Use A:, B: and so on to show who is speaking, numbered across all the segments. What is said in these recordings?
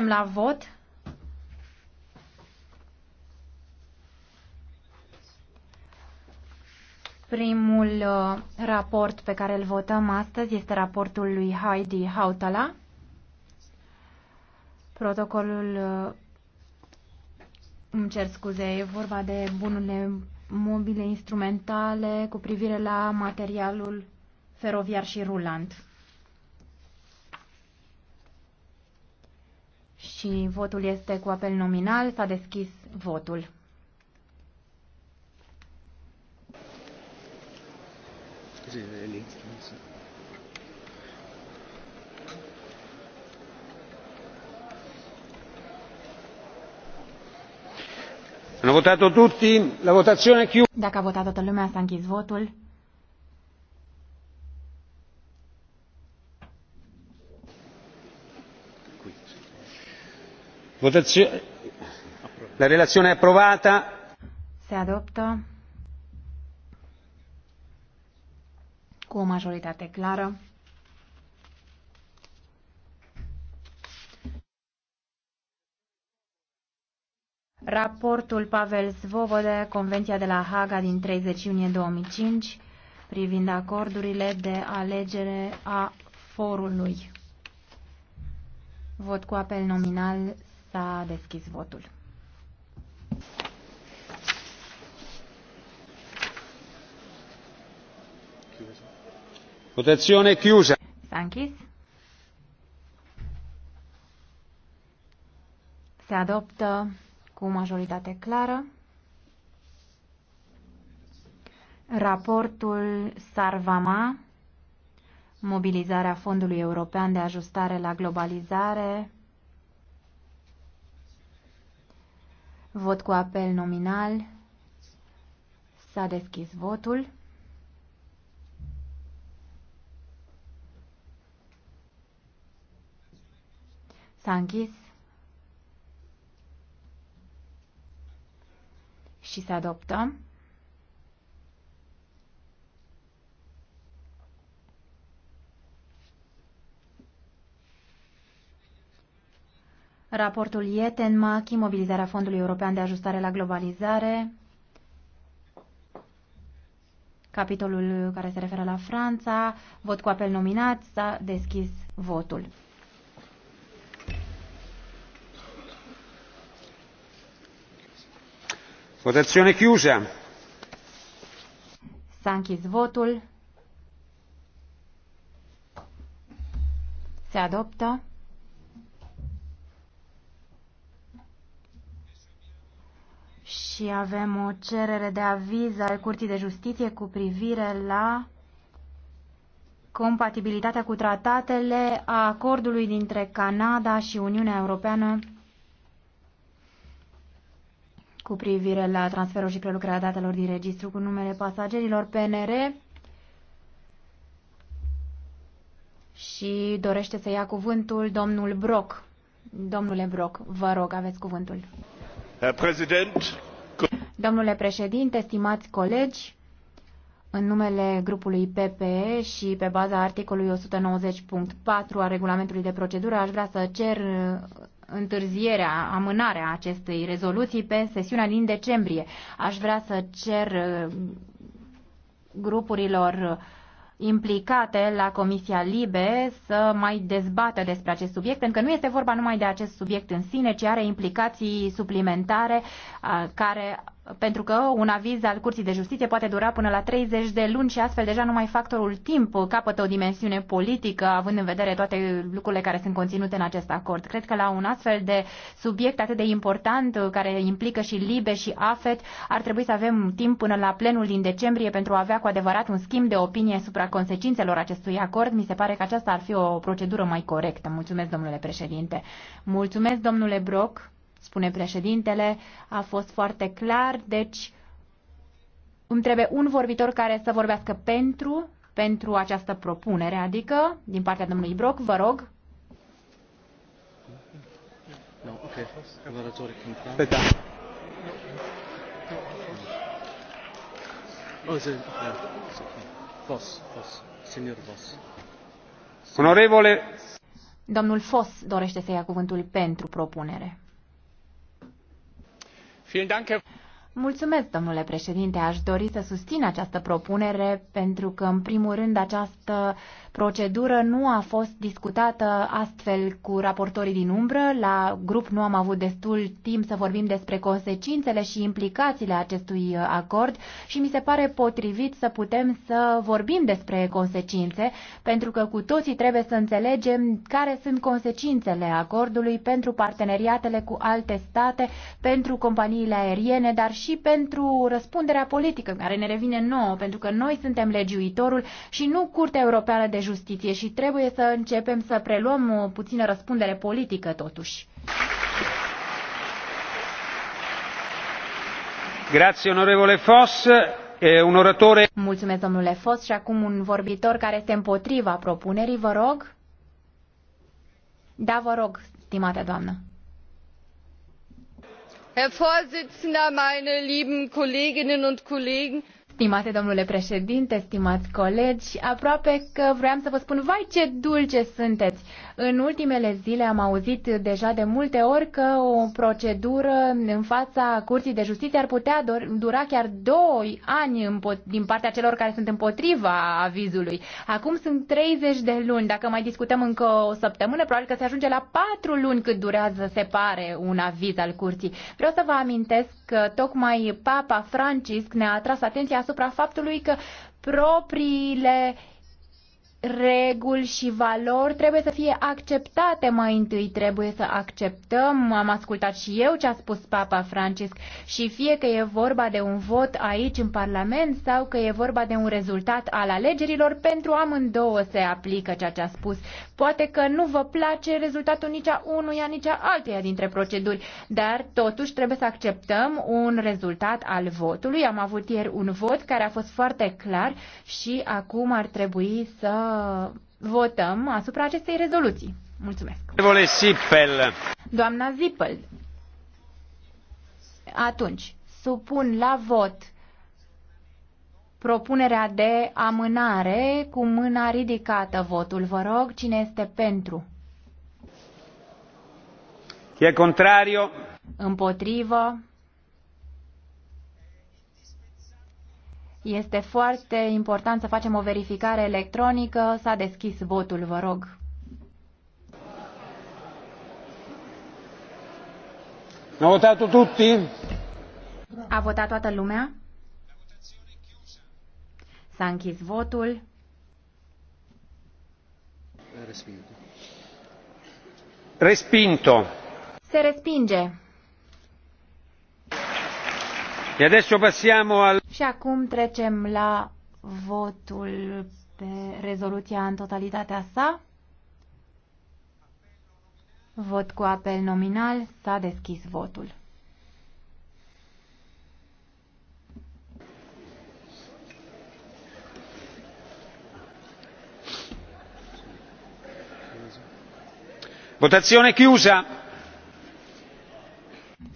A: Trecem la vot. Primul uh, raport pe care îl votăm astăzi este raportul lui Heidi Hautala. Protocolul, uh, îmi cer scuze, e vorba de bunurile mobile instrumentale cu privire la materialul feroviar și rulant. și votul este cu apel nominal. S-a deschis votul. la Dacă a votat toată lumea, s-a închis votul.
B: Votazione. La relazione è approvata.
A: Se adoptă cu o majoritate clară. Raportul Pavel Svobode, Convenția de la Haga din 30 iunie 2005, privind acordurile de alegere a forului. Vot cu apel nominal S-a deschis votul.
B: Votazione chiusa. S-a închis.
A: Se adoptă cu majoritate clară raportul Sarvama, mobilizarea Fondului European de Ajustare la Globalizare Vot cu apel nominal. S-a deschis votul. S-a închis. Și să adoptăm. raportul Ietenmachi, mobilizarea Fondului European de Ajustare la Globalizare, capitolul care se referă la Franța, vot cu apel nominat, s-a deschis votul.
B: Votazione chiusa.
A: S-a închis votul. Se adoptă. și avem o cerere de aviz al Curții de Justiție cu privire la compatibilitatea cu tratatele a acordului dintre Canada și Uniunea Europeană cu privire la transferul și prelucrarea datelor din registru cu numele pasagerilor PNR și dorește să ia cuvântul domnul Brock. Domnule Brock, vă rog, aveți cuvântul. Herr Präsident, Domnule președinte, stimați colegi, în numele grupului PPE și pe baza articolului 190.4 a regulamentului de procedură, aș vrea să cer uh, întârzierea, amânarea acestei rezoluții pe sesiunea din decembrie. Aș vrea să cer uh, grupurilor uh, implicate la Comisia Libe să mai dezbată despre acest subiect, pentru că nu este vorba numai de acest subiect în sine, ci are implicații suplimentare care pentru că un aviz al Curții de Justiție poate dura până la 30 de luni și astfel deja numai factorul timp capătă o dimensiune politică, având în vedere toate lucrurile care sunt conținute în acest acord. Cred că la un astfel de subiect atât de important, care implică și LIBE și AFET, ar trebui să avem timp până la plenul din decembrie pentru a avea cu adevărat un schimb de opinie supra consecințelor acestui acord. Mi se pare că aceasta ar fi o procedură mai corectă. Mulțumesc, domnule președinte. Mulțumesc, domnule Brock spune președintele, a fost foarte clar, deci îmi trebuie un vorbitor care să vorbească pentru, pentru această propunere, adică din partea domnului Broc, vă rog. Domnul Fos dorește să ia cuvântul pentru propunere. Mulțumesc. Mulțumesc, domnule președinte. Aș dori să susțin această propunere pentru că, în primul rând, această procedură nu a fost discutată astfel cu raportorii din umbră. La grup nu am avut destul timp să vorbim despre consecințele și implicațiile acestui acord și mi se pare potrivit să putem să vorbim despre consecințe, pentru că cu toții trebuie să înțelegem care sunt consecințele acordului pentru parteneriatele cu alte state, pentru companiile aeriene, dar și și pentru răspunderea politică care ne revine nouă, pentru că noi suntem legiuitorul și nu Curtea Europeană de Justiție și trebuie să începem să preluăm o uh, puțină răspundere politică totuși.
B: Grazie, onorevole Foss. Un oratore...
A: Mulțumesc, domnule Foss. Și acum un vorbitor care este împotriva propunerii, vă rog. Da, vă rog, stimată doamnă
B: herr präsident meine lieben kolleginnen
A: und kollegen! Stimate domnule președinte, stimați colegi, aproape că vreau să vă spun, vai ce dulce sunteți! În ultimele zile am auzit deja de multe ori că o procedură în fața Curții de Justiție ar putea dura chiar doi ani din partea celor care sunt împotriva avizului. Acum sunt 30 de luni, dacă mai discutăm încă o săptămână, probabil că se ajunge la patru luni cât durează, se pare, un aviz al Curții. Vreau să vă amintesc că tocmai Papa Francisc ne-a atras atenția asupra faptului că propriile reguli și valori trebuie să fie acceptate mai întâi, trebuie să acceptăm, am ascultat și eu ce a spus Papa Francisc și fie că e vorba de un vot aici în Parlament sau că e vorba de un rezultat al alegerilor, pentru amândouă se aplică ceea ce a spus. Poate că nu vă place rezultatul nici a unuia, nici a altuia dintre proceduri, dar totuși trebuie să acceptăm un rezultat al votului. Am avut ieri un vot care a fost foarte clar și acum ar trebui să Uh, votăm asupra acestei rezoluții.
B: Mulțumesc. Zipel.
A: Doamna Zippel. Atunci, supun la vot propunerea de amânare cu mâna ridicată votul. Vă rog, cine este pentru?
B: Chi e contrario?
A: Împotrivă. Este foarte important să facem o verificare electronică. S-a deschis votul, vă rog.
B: A votat tutti?
A: A votat toată lumea? S-a închis votul.
B: Respinto.
A: Se respinge. Și acum trecem la votul pe rezoluția în totalitatea sa. Vot cu apel nominal. S-a deschis votul.
B: Votazione chiusa.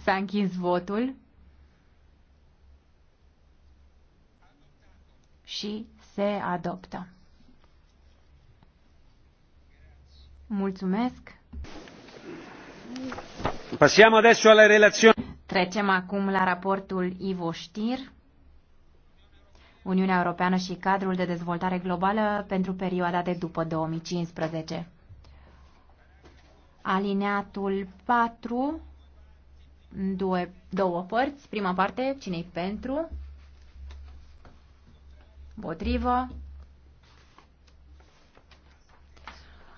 A: S-a închis votul. și se adoptă. Mulțumesc!
B: Passiamo adesso
A: Trecem acum la raportul Ivo Știr. Uniunea Europeană și cadrul de dezvoltare globală pentru perioada de după 2015. Alineatul 4, două, două părți. Prima parte, cine pentru? Împotrivă.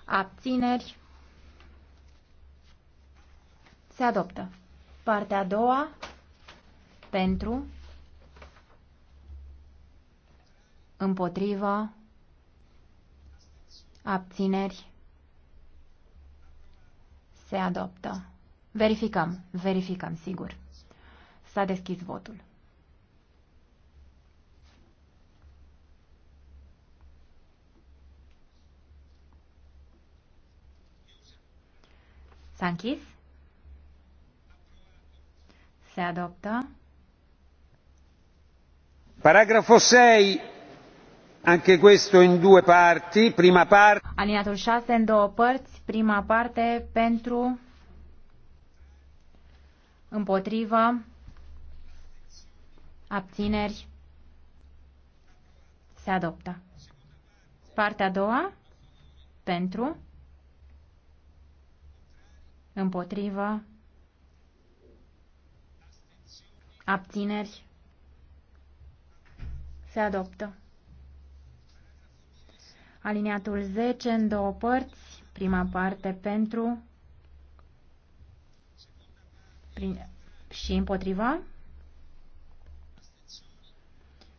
A: Abțineri. Se adoptă. Partea a doua. Pentru. Împotrivă. Abțineri. Se adoptă. Verificăm. Verificăm, sigur. S-a deschis votul. S-a închis? Se adoptă.
B: Paragraful 6. Anche questo in due parti. Prima parte.
A: Aliniatul 6 în două părți. Prima parte pentru împotriva abțineri se adoptă. Partea a doua pentru Împotrivă. Abțineri. Se adoptă. Alineatul 10 în două părți. Prima parte pentru prin, și împotriva.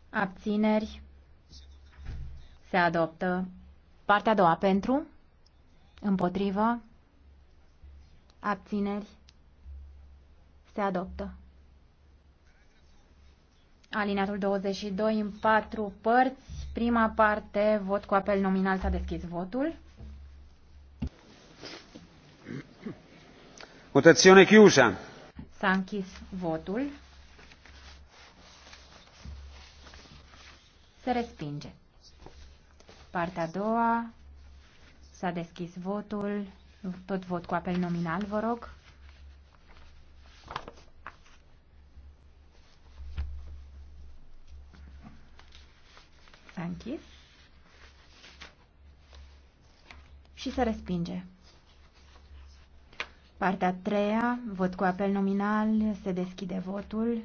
A: Abțineri. Se adoptă. Partea a doua pentru. Împotriva. Abțineri. Se adoptă. Alineatul 22 în patru părți. Prima parte, vot cu apel nominal, s-a deschis votul.
B: Votazione chiusa.
A: S-a închis votul. Se respinge. Partea a doua, s-a deschis votul. Tot vot cu apel nominal, vă rog. S-a închis. Și se respinge. Partea a treia, vot cu apel nominal, se deschide votul.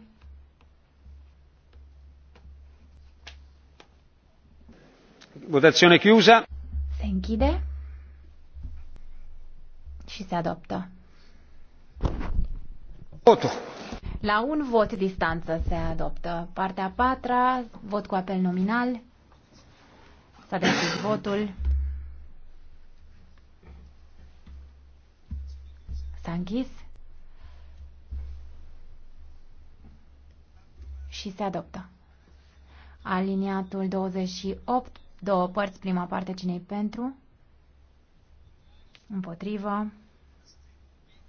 B: Votazione chiusa.
A: Se închide se adoptă. Votul. La un vot distanță se adoptă. Partea a patra, vot cu apel nominal. S-a deschis votul. S-a închis. Și se adoptă. Aliniatul 28, două părți, prima parte cinei pentru, împotrivă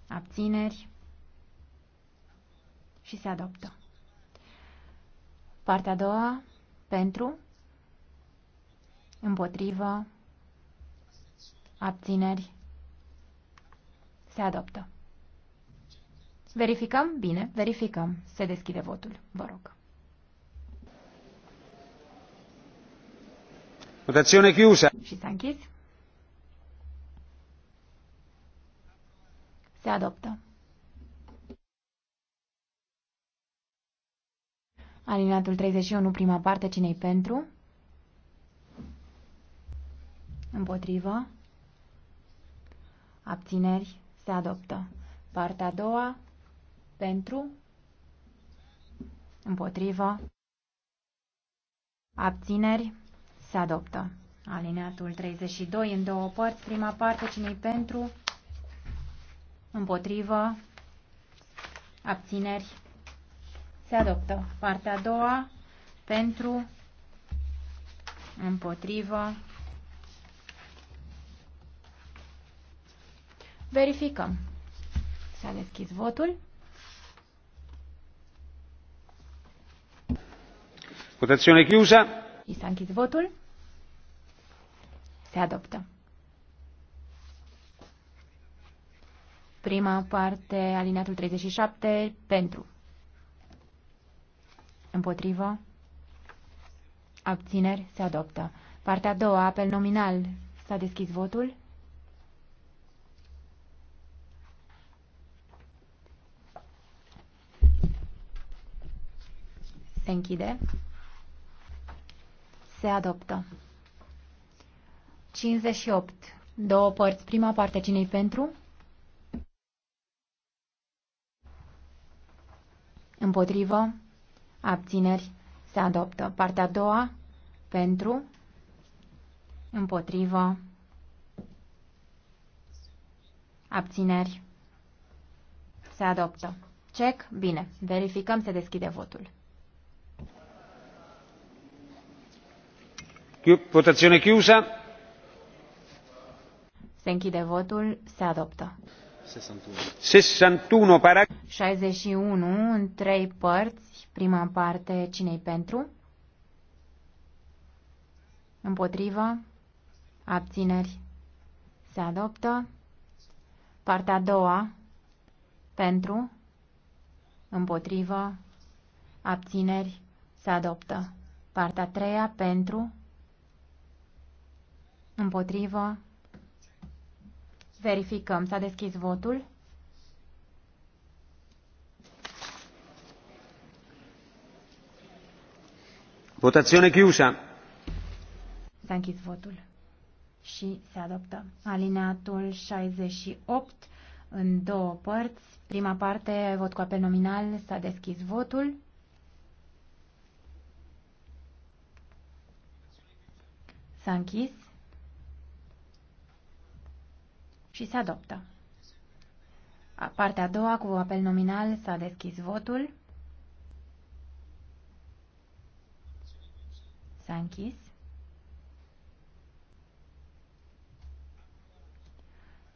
A: abțineri și se adoptă. Partea a doua, pentru, împotrivă, abțineri, se adoptă. Verificăm? Bine, verificăm. Se deschide votul, vă rog.
B: Votazione chiusa. Și s-a închis. Se adoptă.
A: Alineatul 31, prima parte, cinei pentru? Împotrivă. Abțineri. Se adoptă. Partea a doua, pentru? Împotrivă. Abțineri. Se adoptă. Alineatul 32, în două părți, prima parte, cinei pentru? Pentru împotrivă, abțineri, se adoptă. Partea a doua, pentru, împotrivă, verificăm. S-a deschis votul.
B: Votazione chiusa.
A: I s-a închis votul. Se adoptă. Prima parte, alineatul 37, pentru. Împotrivă. Abțineri se adoptă. Partea a doua, apel nominal. S-a deschis votul. Se închide. Se adoptă. 58. Două părți. Prima parte, cine pentru? Împotrivă. Abțineri. Se adoptă. Partea a doua. Pentru. Împotrivă. Abțineri. Se adoptă. Check. Bine. Verificăm. Se deschide votul.
B: Votazione chiusa.
A: Se închide votul. Se adoptă.
B: 61. 61,
A: 61 în trei părți. Prima parte, cine pentru? Împotrivă? Abțineri? Se adoptă. Partea a doua, pentru? Împotrivă? Abțineri? Se adoptă. Partea a treia, pentru? Împotrivă? Verificăm. S-a deschis votul.
B: Votazione chiusa.
A: S-a închis votul și se adoptă. Alineatul 68 în două părți. Prima parte, vot cu apel nominal, s-a deschis votul. S-a închis și se adoptă. Partea a doua cu apel nominal s-a deschis votul. S-a închis.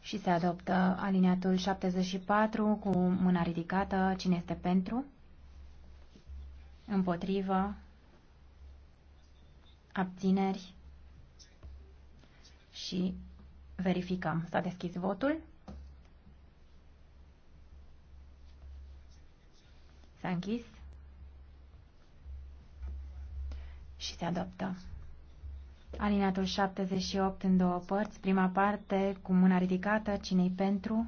A: Și se adoptă alineatul 74 cu mâna ridicată. Cine este pentru? Împotrivă? Abțineri? Și Verificăm. S-a deschis votul. S-a închis. Și se adoptă. Alineatul 78 în două părți. Prima parte cu mâna ridicată. Cine-i pentru?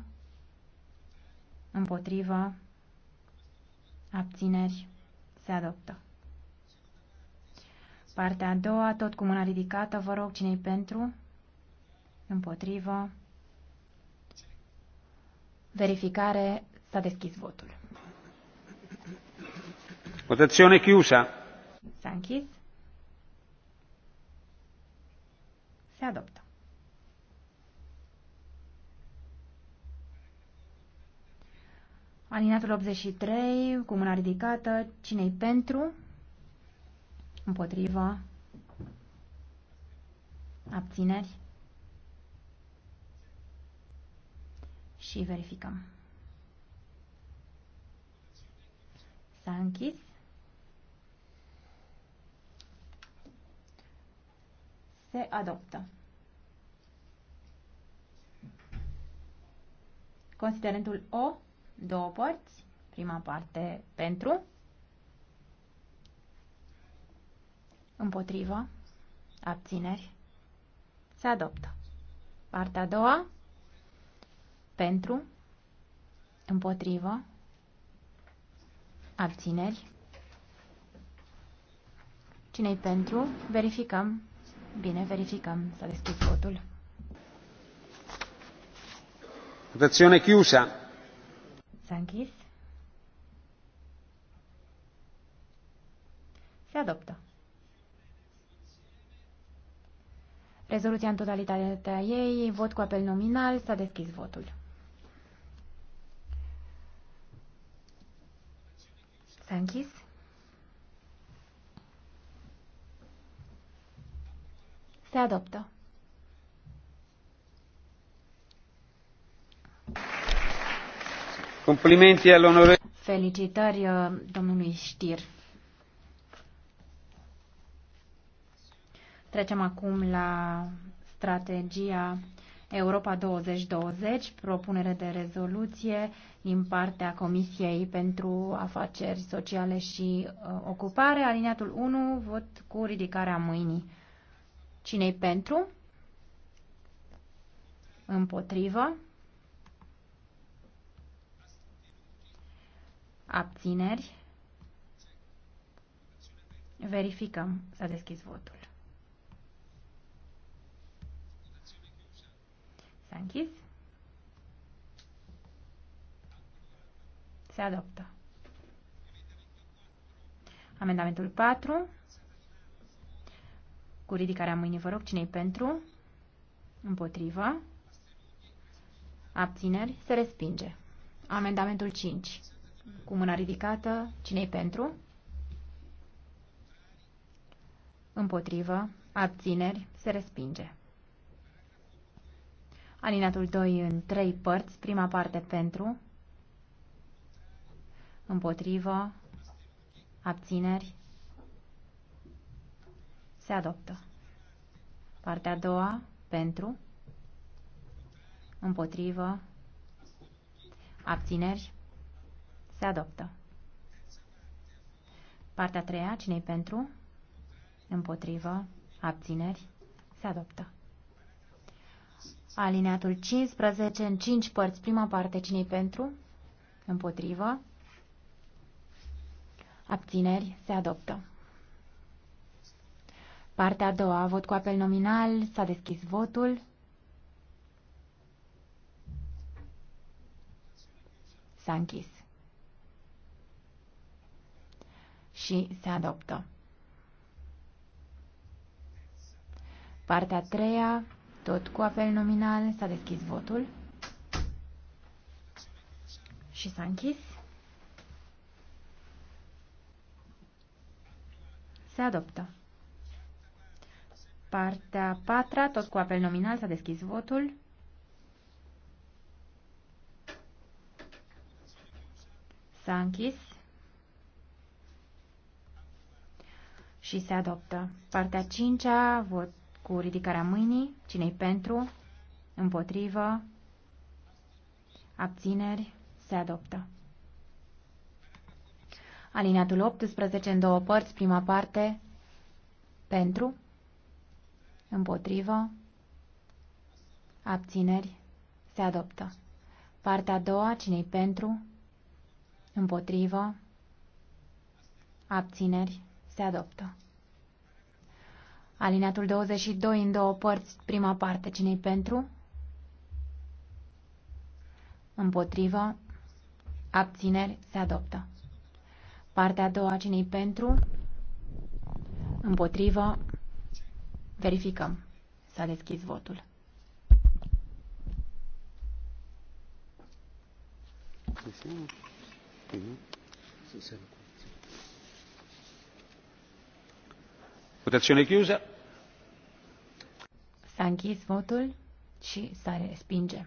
A: Împotrivă. Abțineri. Se adoptă. Partea a doua, tot cu mâna ridicată. Vă rog, cine-i pentru? Împotrivă. Verificare. S-a deschis votul.
B: Votazione chiusa.
A: S-a închis. Se adoptă. Alinatul 83, cu mâna ridicată, cine-i pentru? Împotriva. Abțineri. și verificăm. S-a închis. Se adoptă. Considerentul O, două părți, prima parte pentru, împotrivă, abțineri, se adoptă. Partea a doua, pentru, împotrivă, abțineri. Cine-i pentru? Verificăm. Bine, verificăm. S-a deschis votul.
B: Votazione chiusa.
A: S-a închis. Se adoptă. Rezoluția în totalitatea ei, vot cu apel nominal, s-a deschis votul. S-a închis. Se adoptă.
B: Complimenti al
A: Felicitări uh, domnului Știr. Trecem acum la strategia Europa 2020, propunere de rezoluție din partea Comisiei pentru Afaceri Sociale și uh, Ocupare, aliniatul 1, vot cu ridicarea mâinii. Cine-i pentru? Împotrivă? Abțineri? Verificăm. S-a deschis votul. închis. Se adoptă. Amendamentul 4. Cu ridicarea mâinii, vă rog, cine pentru? Împotrivă. Abțineri. Se respinge. Amendamentul 5. Cu mâna ridicată, cine pentru? Împotrivă. Abțineri. Se respinge. Alinatul 2 în trei părți, prima parte pentru, împotrivă, abțineri, se adoptă. Partea a doua, pentru, împotrivă, abțineri, se adoptă. Partea a treia, cine pentru, împotrivă, abțineri, se adoptă. Alineatul 15 în 5 părți. Prima parte, cine pentru? Împotrivă. Abțineri. Se adoptă. Partea a doua, vot cu apel nominal, s-a deschis votul. S-a închis. Și se adoptă. Partea a treia, tot cu apel nominal s-a deschis votul și s-a închis. Se adoptă. Partea a patra, tot cu apel nominal, s-a deschis votul. S-a închis. Și se adoptă. Partea a cincea, vot cu ridicarea mâinii. Cine-i pentru? Împotrivă? Abțineri? Se adoptă. Alineatul 18 în două părți, prima parte, pentru, împotrivă, abțineri, se adoptă. Partea a doua, cine pentru, împotrivă, abțineri, se adoptă. Alineatul 22 în două părți, prima parte, cine pentru? Împotrivă. Abțineri se adoptă. Partea a doua, cine pentru? Împotrivă. Verificăm. S-a deschis votul.
B: Votazione chiusa.
A: S-a închis votul și s-a respinge.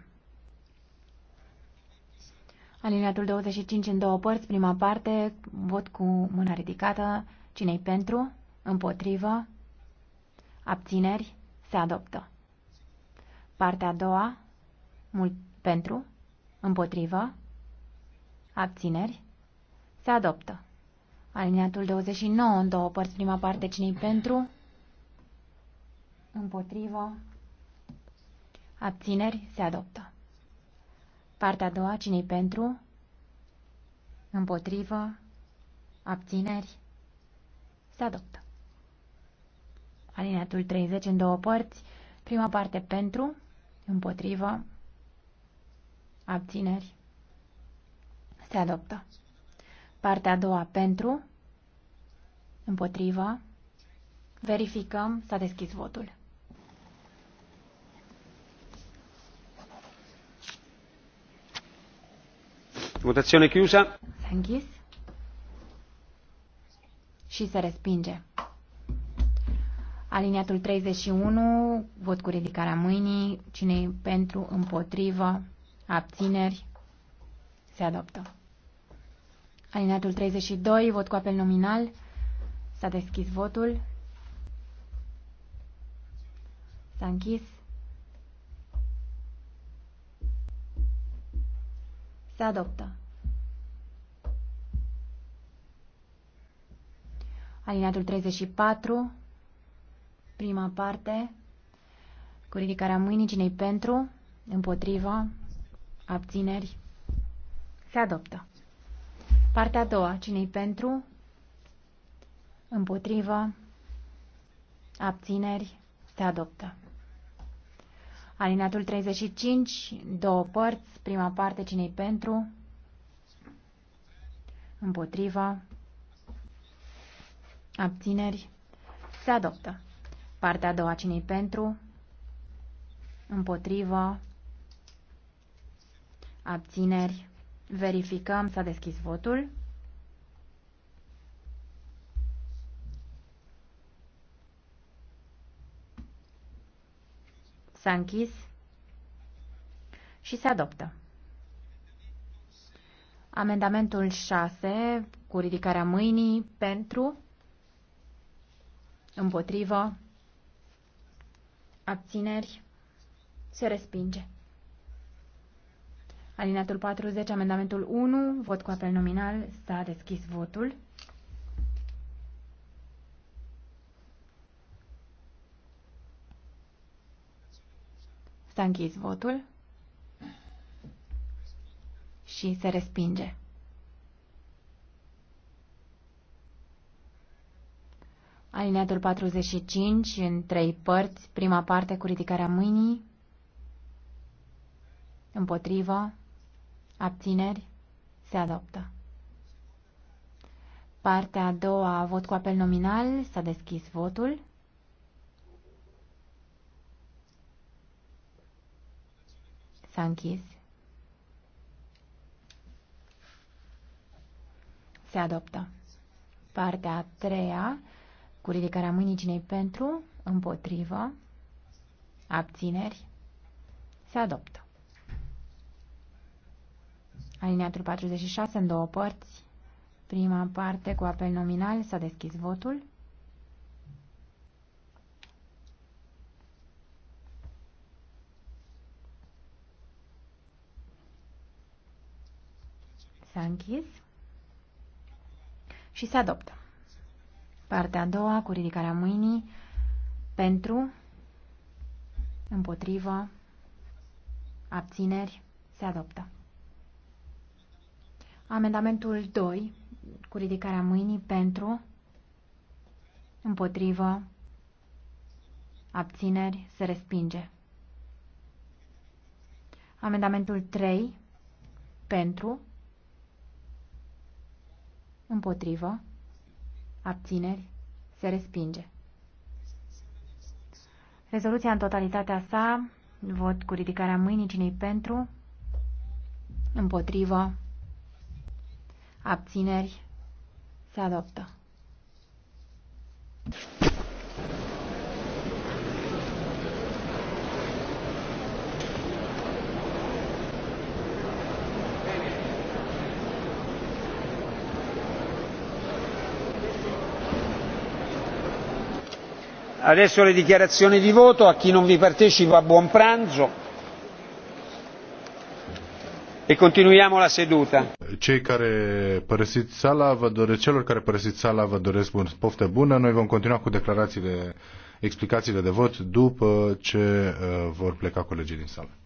A: Alineatul 25 în două părți, prima parte, vot cu mâna ridicată, cine-i pentru, împotrivă, abțineri, se adoptă. Partea a doua, mult pentru, împotrivă, abțineri, se adoptă. Alineatul 29 în două părți, prima parte, cine-i pentru, împotrivă, abțineri, se adoptă. Partea a doua, cine pentru, împotrivă, abțineri, se adoptă. Alineatul 30 în două părți, prima parte pentru, împotrivă, abțineri, se adoptă. Partea a doua pentru, împotrivă, verificăm, s-a deschis votul.
B: Votazione chiusa.
A: S-a Și se respinge. Aliniatul 31, vot cu ridicarea mâinii, cine pentru, împotrivă, abțineri, se adoptă. Alineatul 32, vot cu apel nominal, s-a deschis votul, s-a închis. Se adoptă. Alineatul 34, prima parte, cu ridicarea mâinii cinei pentru, împotrivă, abțineri, se adoptă. Partea a doua, cinei pentru, împotrivă, abțineri, se adoptă. Alineatul 35, două părți, prima parte cinei pentru, împotriva, abțineri, se adoptă. Partea a doua cinei pentru, împotriva, abțineri, verificăm, s-a deschis votul. S-a închis și se adoptă. Amendamentul 6, cu ridicarea mâinii, pentru, împotrivă, abțineri, se respinge. Alineatul 40, amendamentul 1, vot cu apel nominal, s-a deschis votul. S-a închis votul și se respinge. Alineatul 45 în trei părți, prima parte cu ridicarea mâinii, împotrivă, abțineri, se adoptă. Partea a doua, vot cu apel nominal, s-a deschis votul. S-a închis. Se adoptă. Partea a treia, cu ridicarea mâinii cinei pentru, împotrivă, abțineri, se adoptă. Alineatul 46 în două părți. Prima parte cu apel nominal s-a deschis votul. S-a închis și se adoptă. Partea a doua, cu ridicarea mâinii, pentru, împotrivă, abțineri, se adoptă. Amendamentul 2, cu ridicarea mâinii, pentru, împotrivă, abțineri, se respinge. Amendamentul 3, pentru, Împotrivă. Abțineri. Se respinge. Rezoluția în totalitatea sa. Vot cu ridicarea mâinii cinei pentru. Împotrivă. Abțineri. Se adoptă.
B: adesso le dichiarazioni di voto a chi non vi partecipa buon pranzo e continuiamo la seduta cei
A: care părăsiți sala vă doresc celor care părăsiți sala vă doresc bun, poftă bună noi vom
B: continua cu declarațiile explicațiile de vot după ce uh, vor pleca colegii din sală